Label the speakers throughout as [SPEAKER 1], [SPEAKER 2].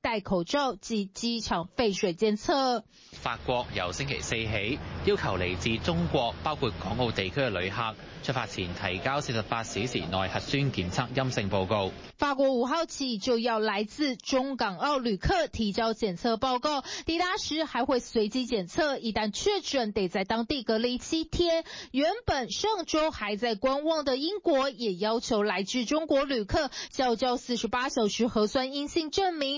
[SPEAKER 1] 戴口罩及機場廢水檢測。
[SPEAKER 2] 法國由星期四起
[SPEAKER 3] 要求嚟自中國，包括港澳地區嘅旅客出發前提交四十八小時內核酸檢測陰性報告。
[SPEAKER 1] 法國五號起就要來自中港澳旅客提交檢測報告，抵達時還會隨機檢測，一旦確診得在當地隔離七天。原本上周還在觀望的英國也要求來自中國旅客提交四十八小時核酸陰性證明。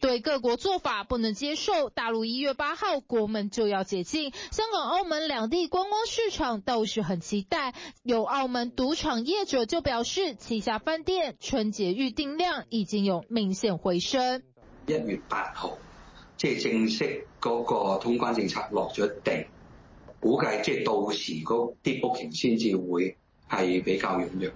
[SPEAKER 1] 對各國做法不能接受，大陸一月八號國門就要解禁，香港、澳門兩地觀光市場倒是很期待。有澳門賭場業者就表示，旗下飯店春節預訂量已經有明顯回升。
[SPEAKER 2] 一月八號，即係正式嗰個通關政策落咗地，估計即係到時嗰啲 booking 先至會係比較踴躍。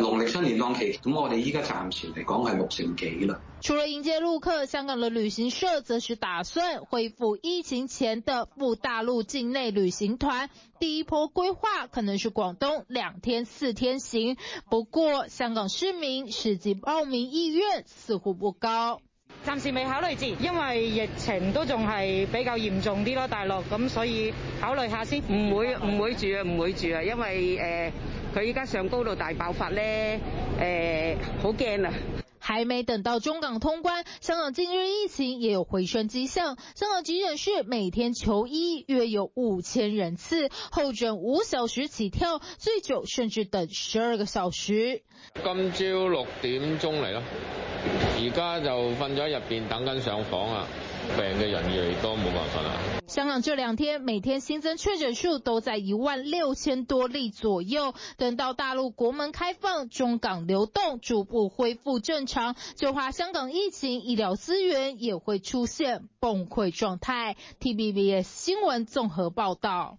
[SPEAKER 2] 農曆新年檔期，咁我哋依家暫時嚟講係六成幾啦。
[SPEAKER 1] 除了迎接陸客，香港的旅行社則是打算恢復疫情前的赴大陸境內旅行團。第一波規劃可能是廣東兩天四天行，不過香港市民實際報名意願似乎不高。暫時
[SPEAKER 3] 未考慮住，因為疫情都仲係比較嚴重啲咯，大陸咁，那所以考
[SPEAKER 4] 慮下先。唔會唔會住啊？唔會住啊，因為誒。呃佢依家上高度大爆發咧，誒好驚啊！
[SPEAKER 1] 還沒等到中港通關，香港近日疫情也有回升跡象。香港急診室每天求醫約有五千人次，候診五小時起跳，最久甚至等十二個小時。
[SPEAKER 5] 今朝六點鐘嚟咯，而家就瞓咗喺入邊等緊上房啊！病嘅人越嚟越多，冇
[SPEAKER 1] 辦法啦。香港這兩天每天新增確診數都在一萬六千多例左右。等到大陸國門開放，中港流動逐步恢復正常，就話香港疫情醫療資源也會出現崩潰狀態。TVBS 新聞綜合報道。